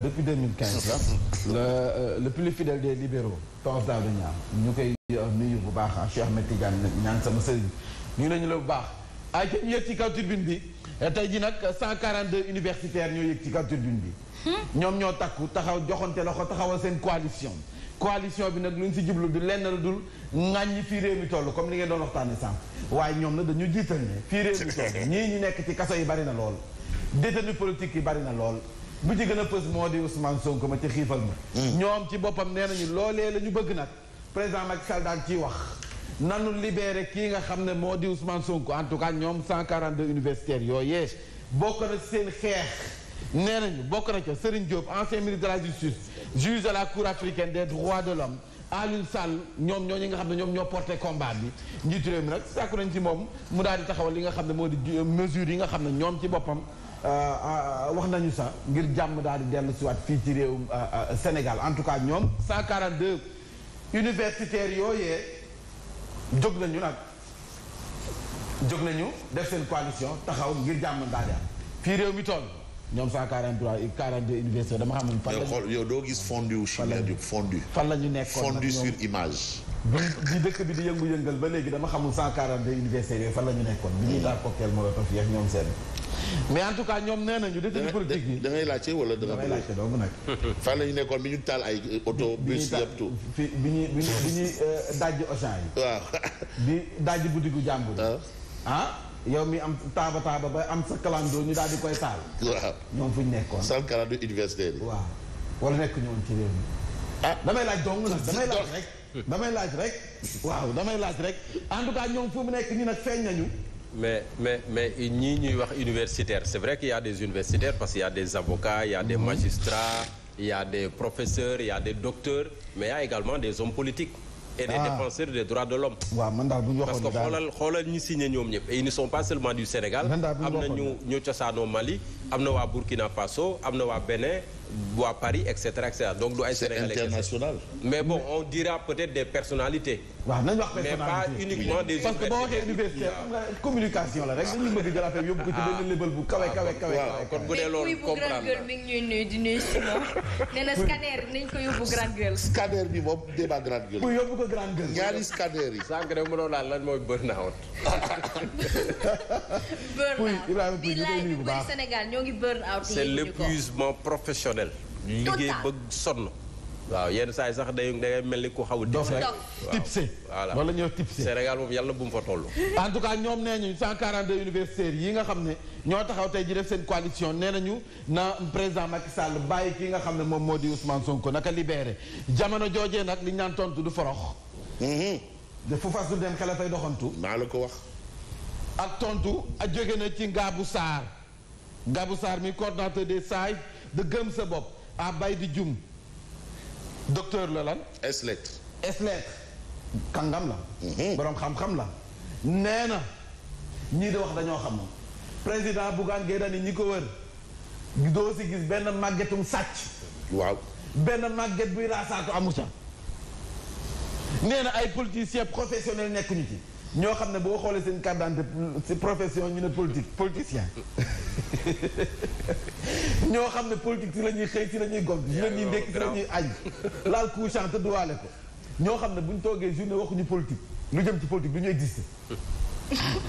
depuis 2015 la euh, le plus fidèle des libéraux Tange Daouda Niang ñu koy euh, nuyu bu baax ah Cheikh Ahmed ñaan sama sëriñ ñu nañu la bu baax ah ñu yëg ci kaw tribune bi eh, tey ji nag 142 universitaires ñoo yëg ci kaw tribune bi hmm? ñoom ñoo takku taxaw joxante loxo taxawal seen coalition coalition bi nag lu ñu si jublu du lenn la dul ŋàññi ñi réew mi toll comme li ngeen doon waxtaane sànq waaye ñoom nag dañu jiital ne fii réew mi toll ñii ñu nekk ci kaso yi bari na lool détenu politique yi bari na lool bu ci gën a pës moo di Ousmane Sonko ma ci xiifal ma hmm. ñoom ci boppam nee nañu loolee la ñu bëgg nag président Macky Sall daal ciy wax nanu libéré kii nga xam ne moo di Ousmane Sonko en tout cas ñoom cent 142 universitaires yooyee bokk na seen xeex nee nañu bokk na ca Serigne Diop ancien ministre de la justice juge de la cour africaine des droits de l'homme Aliou Sall ñoom ñooñu nga xam ne ñoom ñoo porté combat bi njiitu réew mi nag sàkku nañ ci moom mu daal di taxawal li nga xam ne moo di mesures yi nga xam ne ñoom ci boppam Euh, euh, wax nañu sax ngir jàmm daal di dellu siwaat fii ci réewum euh, Sénégal en tout cas ñoom 142 universitaires yooyee jóg nañu nag jóg nañu def seen coalition taxaw ngir jàmm daal di am fii réew mi toll ñoom 143 42 universités dama xamul. fan la gis fondu wu la ñu nekkoon fondu sur image. bi bi dëkk bi di yëngu-yëngal ba léegi dama xamul 142 universités yooyu fan la ñu nekkoon. bi ñu daal cocktail Molotov yeeg ñoom seen. mais en tout cas ñoom nee nañu détenu politique yi da ngay laajte wala da ngay laajte dong nag fan la ñu nekkoon bi ñu taal ay auto bus yëpp tout bi ñuy bi ñuy euh, dajji Auchan yi waaw bi dajji boutique jàmbur ah, ah? mi am taaba taaba ba am sa ñu daal di koy taal waaw ñoom fu ñu nekkoon sal kalandoo université bi waaw nekk ñoom ci réew ah. damay laaj dong nag damay laaj rek damay laaj rek waaw damay laaj rek en tout cas ñoom fu nag feeñ nañu mais mais mais ñii ñuy wax universitaire c'est vrai qu'il y des universitaires parce qu'il y a des avocats il y a des mhm. magistrats il y a des professeurs il y des docteurs mais il y a également des hommes politiques et des ah. défenseurs des droits de l'homme bu ñu waxoon parce que xoolal xoolal ñi signé ñoom ñëpp et ils ne sont pas seulement du Sénégal am na ñu ñu cosaanoo Mali am na waa Burkina Faso am na waa Bénin waa Paris et cetera donc du ay Sénégalais international mais bon on dira peut-être des waaw nañu wax personnalité mais pas uniquement des parce que boo waxee universitaire xam nga communication la rek dañu yóbbu ko ci ah. benn level bu kawe ah, kawe kawe. waaw kon bu dee loolu comprendre la mi ngi ñuy nuyu di nuyu Simon. nee na scanner nañ ko yóbbu grande gueule. scanner bi moom débat grande gueule. pour yóbbu ko grande gueule. ñaari scanner yi. sànq rek mënoo laal lan mooy burn-out. burn-out Ibrahima Pouy ñu koy bu baax Sénégal ñoo ngi burn-out. c'est l'épuisement professionnel. liggéey bëgg sonn. waaw yenn saa sax day day mel ni ku xaw a. dof rek tipsé voilà wala ñoo tipsé. Sénégal moom yàlla bu mu fa toll. en tout cas ñoom nee ñu 142 universitaires yi nga xam ne ñoo taxaw tey ji def seen coalition nee nañu na président Macky Sall bàyyi ki nga xam ne moom moo di Ousmane Sonko naka libéré jamono joojee nag li ñu naan tontu du forox. Mhm. de fu fas du dem xel a fay doxantu. maa la ko wax. ak tontu a jóge na ci bu Ngabou Sarr bu saar mi coordonnateur des sages de gëm sa bopp à bay di jum. docteur la lan. es lettre. es la. Mhm. boroom xam-xam la. nee na ñii di wax dañoo xam président Bougane Gueye Dany ñi ko wër doo si gis benn màggetum sàcc. waaw benn màgget buy raasaatu amu ca. nee na ay politiciens professionnels nekkuñu ci ñoo xam ne boo xoolee seen carte d'identité si profession ñu ne politique politicien. ñoo xam ne politique si la ñuy xëy si la ñuy gog si la ñuy ndékk si la ñuy añ laal couchant te duwaale ko ñoo xam ne bu ñu toogee journée waxuñu politique lu jëm ci politique du ñu existé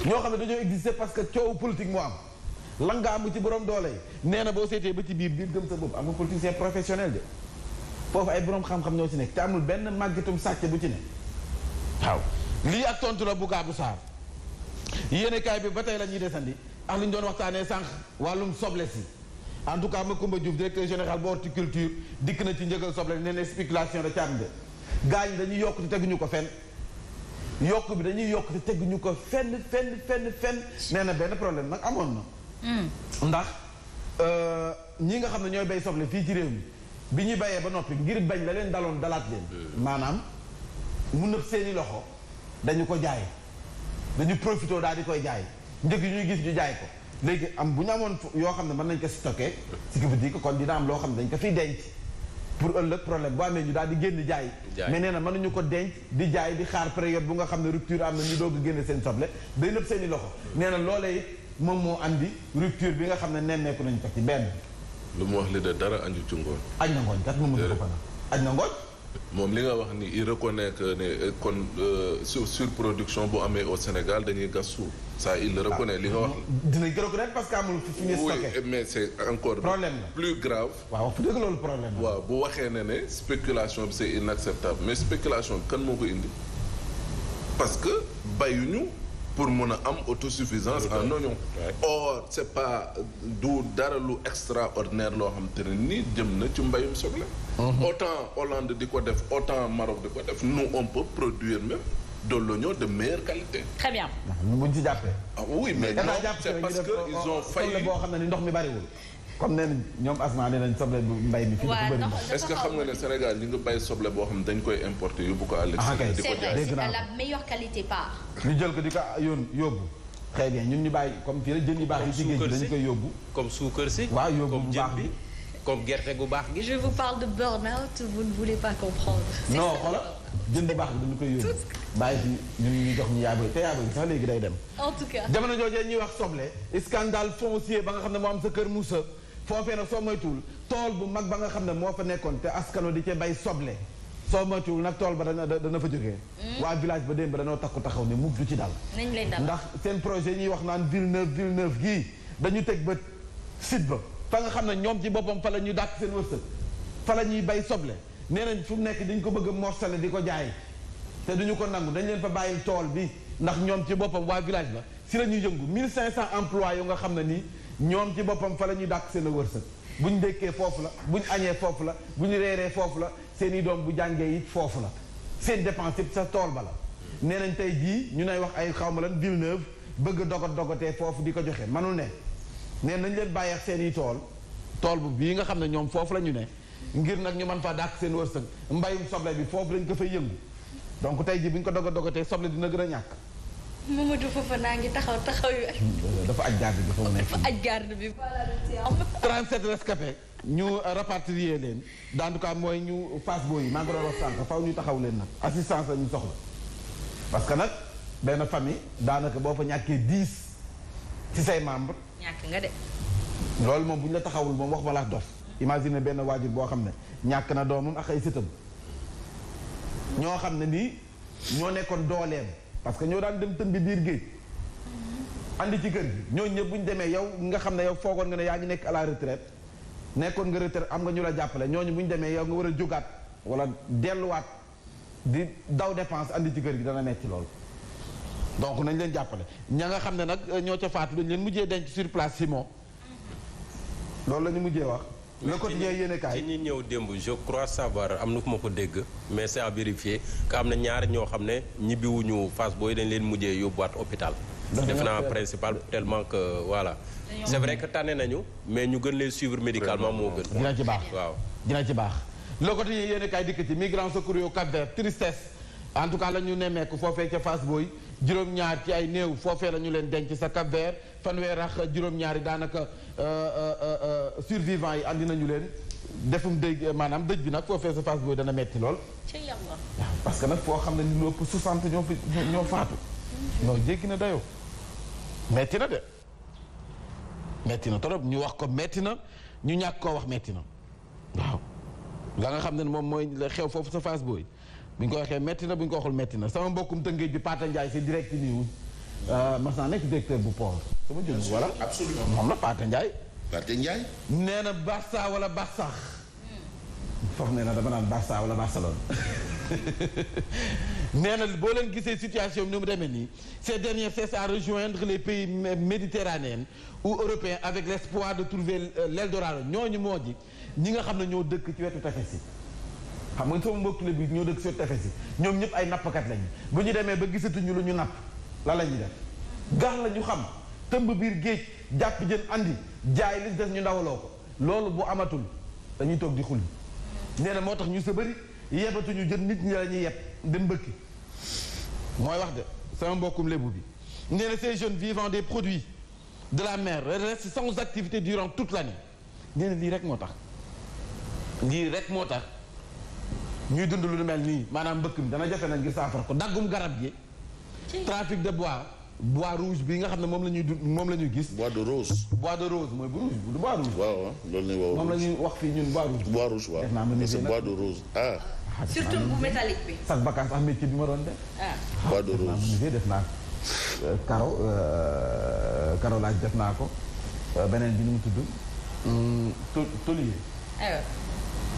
ñoo xam ne dañoo existé parce que coowu politique mu am langaamu ci borom doole yi nee na boo seetee ba ci biir biir gëm sa bopp am nga politicien professionnel de foofu ay boroom xam-xam ñoo ci nekk te amul benn màggitum sàcc bu ci ne waaw lii ak tontu la bu gaabu saar yéene bi ba tey la ñuy desandi ak li ñu doon waxtaanee sànq wàllum soble si en tout cas Macoumba Diouf directeur général bu horticulture dikk na ci njëgal soble nee na spéculation da ci am de gaa ñi dañuy yokk te teguñu ko fenn bi dañuy yokk te teguñu ko fenn fenn fenn fenn nee benn problème nag amoon na. Hmm. ndax euh, ñi nga xam ne ñooy bay soble fii ci réew mi bi ñuy bayee ba noppi ngir bañ la leen daloon dalaat leen. Hmm. maanaam mu nëb seeni loxo dañu ko jaay dañu profité daal di koy jaay. njëkk yu ñuy gis ñu jaay ko léegi am bu ñu amoon yoo xam ne mën nañ ko stocké ce qui veut dire que kon dina am loo xam ne dañ ko fiy denc pour ëllëg problème boo amee ñu daal di génn jaay mais nee na nañu ko denc di jaay di xaar période bu nga xam ne rupture am na ñu doo a génne seen soble day nëb seeni loxo nee na loolee moom moo andi rupture bi nga xam ne nemmeeku nañ ko ci benn lu mu wax li de dara aju ci ngooñ aj na ngooñ kat mu mën ko pana aj moom li nga wax ni il reconnaît que ne euh, kon euh, sur surproduction bu amee au Sénégal dañuy gas suuf ça il le li nga wax. dinañ ko reconnaître parce que amul fi ñu stocké. mais c' est encore. problème plus grave. waaw bu waxee ne ne spéculation bi c' est inacceptable mais spéculation kan moo ko indi parce que bayuñu. pour mun a am auto suffisance autosuffisance en oignon or c'est pas du dara lu extraordinaire loo xam te ne ni jëm na ci mbayum soble mhm. autant Hollande di ko def autant Maroc di ko def nous on peut produire même de l'oignon de meilleure qualité. très bien. buñ ci jàppee. ah oui mais non c'est parce que ils ont failli boo xam ne ndox mi bariwul. comme nee nañ ñoom asmaa nee nañ soble bu mbay mi. waaw ndox dafa est-ce que xam nga ne Sénégal ñu ngi bay soble boo xam dañ koy importer yóbbu ko à ah, l'extérieur di ko jaay c'est la meilleure qualité par. ñu jël ko di ko yoon yóbbu. très bien ñun ñu bàyyi comme fii rek jën yu baax yi ci géej gi dañ koy yóbbu. comme suukar si waaw yóbbu bu baax bi comme gerte gu baax gi. je vous parle de burn-out vous ne voulez pas comprendre. non xoolal jën bu baax bi dañu koy yóbbu. bàyyi fi ñun ñu jox ñu yaabo te yaabo sax léegi day dem. en tout cas jamono joojee ñuy wax soble. scandale foncier ba nga xam ne moo am sa kër Moussa foofee nag soo moytuwul tool bu mag ba nga xam ne moo fa nekkoon te askano di cee bay soble soo moytuwul nag tool ba dana dana fa jógee hmm. waa village ba démb ba danoo takku taxaw ne mukk du ci dal ndax seen projet ñuy wax naan Villeneuve Villeneuve gii dañu teg ba site ba fa nga xam ne ñoom ci boppam fa la ñuy dàq seen wërsëg fa la ñuy bay soble nee nañ fu mu nekk dañ ko bëgg a morcelé di ko jaay te duñu ko nangu dañ leen fa bàyyil tool bi ndax ñoom ci boppam waa village ba si la ñuy yëngu 1500 emplois yu nga xam ne nii ñoom ci boppam fa la ñuy dàq seen a wërsëg bu ñu dékkee foofu la bu ñu añee foofu la bu ñu reeree foofu la seen i bu jàngee it foofu la seen dépense sa tool ba la nee nañ tey jii ñu nay wax ay xawma lan Villeneuve bëgg dogot dogotee foofu di ko joxe manul ne neen nañ leen bàyyeex seen i tool tool bu bii nga xam ne ñoom foofu la ñu ne ngir nag ñu mën faa dàq seen wërsëg mbayum soble bi foofu lañ ko fay yëngu donc tey jii bu ñu ko dogot dogotee soble dina gën a ñàkk Mamadou Fofana ngi taxaw taxaw yu. dafa aj garde bi foofu nekk. dafa aj garde bi. 37 rescapés ñu rapatrier leen en tout cas mooy ñu face booy yi maa ngi doon wax sànq faw ñu taxaw leen nag assistance la ñu soxla parce que nag benn famille daanaka boo fa ñàkkee 10 ci say membre ñàkk nga de. loolu moom bu ñu la taxawul moom wax ma laa dof imagine benn waajur boo xam ne ñàkk na doomam ak ay sëtam ñoo xam ne nii ñoo nekkoon dooleem. parce que ñoo daan dem tëmbi biir géej andi ci kër gi ñooñu ñëpp bu ñu demee yow nga xam ne yow foogoon nga ne yaa ñu nekk à la nekkoon nga retraite am nga ñu la jàppale ñoo bu ñu demee yow nga war a jógaat wala delluwaat di daw dépense andi ci kër gi dana metti loolu donc nañ leen jàppale ña nga xam ne nag ñoo ca faatu leen mujjee denc sur place Simon loolu la ñu mujjee wax le quotidien yéene kaay ñi ñëw démb je crois savoir am na ku ma ko dégg mais c'est à vérifier am na ñaar ñoo xam ne ñibbiwuñu Fass Boy dañ leen mujjee yóbbuwaat hôpital def naa principal tellement que voilà c'est vrai que tànne nañu mais ñu gën leen suivre médicalement moo gën dina ci baax waaw dina ci baax le quotidien yéene kaay dikk ci migrants secours Cap Vert tristesse en tout cas la ñu nemmeeku foofee ca Fass Boy juróom-ñaar ci ay néew foofee la ñu leen denc sa Cap Vert fanweer ak juróom ñaari daanaka Euh, euh, euh, survivants yi andi nañu leen defum dëj maanaam dëj bi nag foo fees sa face booy dana metti lool. parce que nag foo xam ne ni lu ëpp 60 ñoo fi ñoo faatu. non jéggi na dayoo metti na de metti na trop ñu wax ko metti na ñu ñàkk koo wax metti na waaw. la nga xam ne moom mooy xew foofu sa face booy bu ñu ko waxee metti na bu ñu ko waxul metti na sama mbokkum tëngéej bi Pata Ndiaye c'est direct news Euh, mas naa nekk directeur bu port. sama jëmm voilà absolument moom la Pate Ndiaye. Pate Ndiaye. nee na Barça wala Barsax. Hmm. foofu nee na dama naan Barça wala Barcelone. nee na boo leen gisee situation bi ni mu demee nii ces derniers cessent à rejoindre les pays méditerranéens ou européens avec l'espoir de trouver ñoo euh, ñooñu moo ji ñi nga xam ne ñoo dëkk ci wetu tefes yi xam nga sama mbokk club bi ñoo dëkk ci wetu tefes yi ñoom ñëpp ay nappkat lañu bu ñu demee ba gisatuñu lu ñu napp. lan la ñuy def gax la ñu xam tëmb biir géej jàpp jën andi jaay li des ñu ndawaloo ko loolu bu amatul dañuy toog di xul nee na moo tax ñu sa bëri yebatuñu jën nit ñi la ñuy yeb dem mbëkki mooy wax de sama mbokkum lébu bi nee na jeune jeunes vivant des produits de la mer si sans activité durant tout l'année nee lii rek moo tax lii rek moo tax ñuy dund lu mel nii maanaam mbëkk mi dana jafe na ngir saafara ko daggum garab gi trafic de bois bois rouge bi nga xam ne moom la ñuy du moom la ñuy gis. bois de rose. bois de rose mooy bu rouge bu bois rouge. waaw waaw loolu la ñuy wax moom la ñuy wax fii ñun bois rouge. bois rouge waaw parce que bois de rose ah. ah surtout bu métallique bi. sax vacance am métier bi ma doon def. ah bois de rose def naa karo euh, karo euh, laaj def naa ko euh, beneen bi nu mu tudd. Hmm, tolier. Ah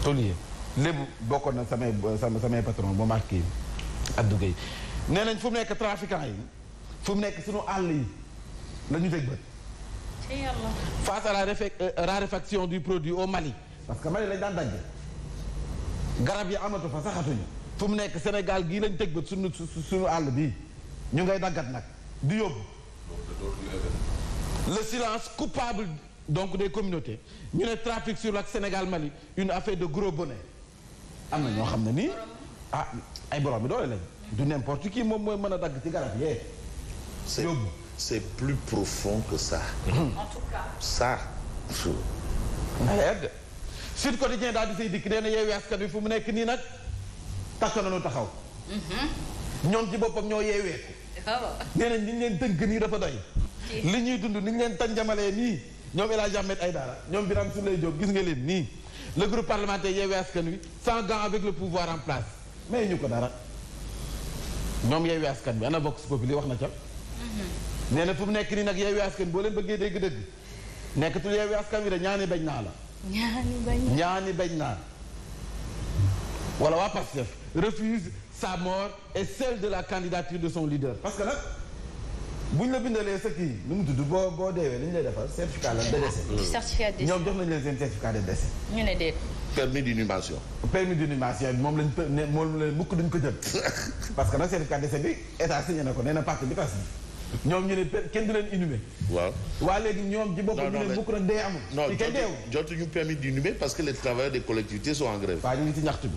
tolier lépp bokkoon na samay samay patron ba marqué Abdou Gueye. nee nañ fu nekk trafiquant yi fu mu nekk suñu àll yi la ñu teg bët. face à la euh, raréfaction du produit au Mali. parce que Mali lañ daan dagg garab yi amatu fa saxatuñu. fu mu nekk Sénégal gii lañ teg bët suñu suñu àll bii ñu ngay daggat nag di yóbbu. le silence coupable donc des communautés ñu ne trafic sur le Sénégal Mali une affaire de gros bonnet am na ñoo xam ne nii ah ay borom bi doole lañ. du n'importe kii moom mooy mën a dagg ci garab yee yóbbu c'est plus profond que ça en tout cas ça ayegg Sud Quotidien daal di say dikk nee na yeewi askan wi fu mu nekk nii nag tax na lu taxaw mhm. ñoom ci boppam ñoo yeeweeku ah nee nañ ni ñu leen tënk nii dafa doy li ñuy dund ni ñu leen tanjamalee nii ñoom El Hadj Ahmed Aïdara ñoom Birame Souleye Diop gis nga leen nii le groupe parlementaire yeewi askan wi sans gants avec le pouvoir en place mais ñu ko dara ñoom yeewi askan bi ana vox populi wax na ca mhm. nee na fu mu nekk nii nag yeewi askan boo leen bëggee dégg dëgg nekkatul yeewi askan bi de ñaani bañ naa la ñaani bañ naa wala waa Pastef refuse sa mort et celle de la candidature de son leader parce que nag bu ñu la bindalee sa kii mu tudd boo boo deewee li ñu lay defal certificat la mm. de décès. certificat de ñoom jox nañ leen seen certificat de décès. ñu ne déet. permis d'inhumation. permis d'inhumation moom lañ pe ne moom ko jël parce que nag certificat de décès bi état signé na ko nee na partie bi tas ñoom ñu ne kenn du leen inhumé. waa léegi ñoom ci boppam nag dee amul. non jotuñu permis d'inhumer parce que les travailleurs des collectivités sont en grève. waaw ñu ngi ci ñaxtu bi.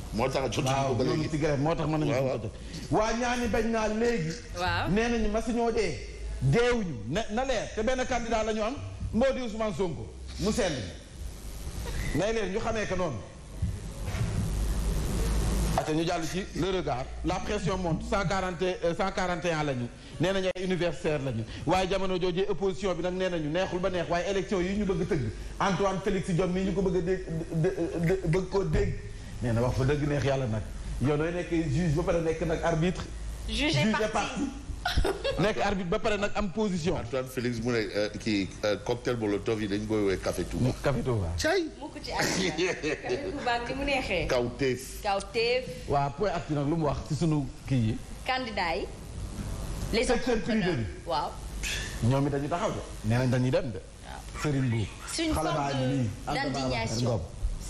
deewuñu ñu na leer te benn candidat la ñu am moo di Ousmane Sonko mu sell nay leer ñu xamee que noonu ate ñu jàll ci le regard la pression monte cent quarante euh, cent quarante et un la ñu nee nañu ay universitaire la ñu waaye jamono joojee opposition bi nag nee ñu neexul ba neex waaye élection yi ñu bëgg tëgg Antoine Félix Diome mii ñu ko bëgg a dégg bëgg koo dégg nee na wax fa dëgg neex yàlla nag yow dooy nekk juge ba pare nekk nag arbitre juge parti nekk arbitre ba pare nag am position. Antoine Félix mu ne euh, kii euh, cocktail molotov yi dañ koy woowee Café Touba. Café Touba. cay. mu ko ci àgg Café Touba ni mu neexee. Kawteef. Kawteef. waaw point actu nag lu mu wax ci kii yi. candidat yi. les entrepreneurs dañu taxaw de. nee nañ dañuy dem de. waaw Serigne Bou. suñu forme d'indignation.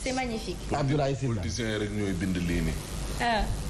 c'est magnifique. Abdoulaye Sylla. politiciens rek ñooy bind lii nii. Ah.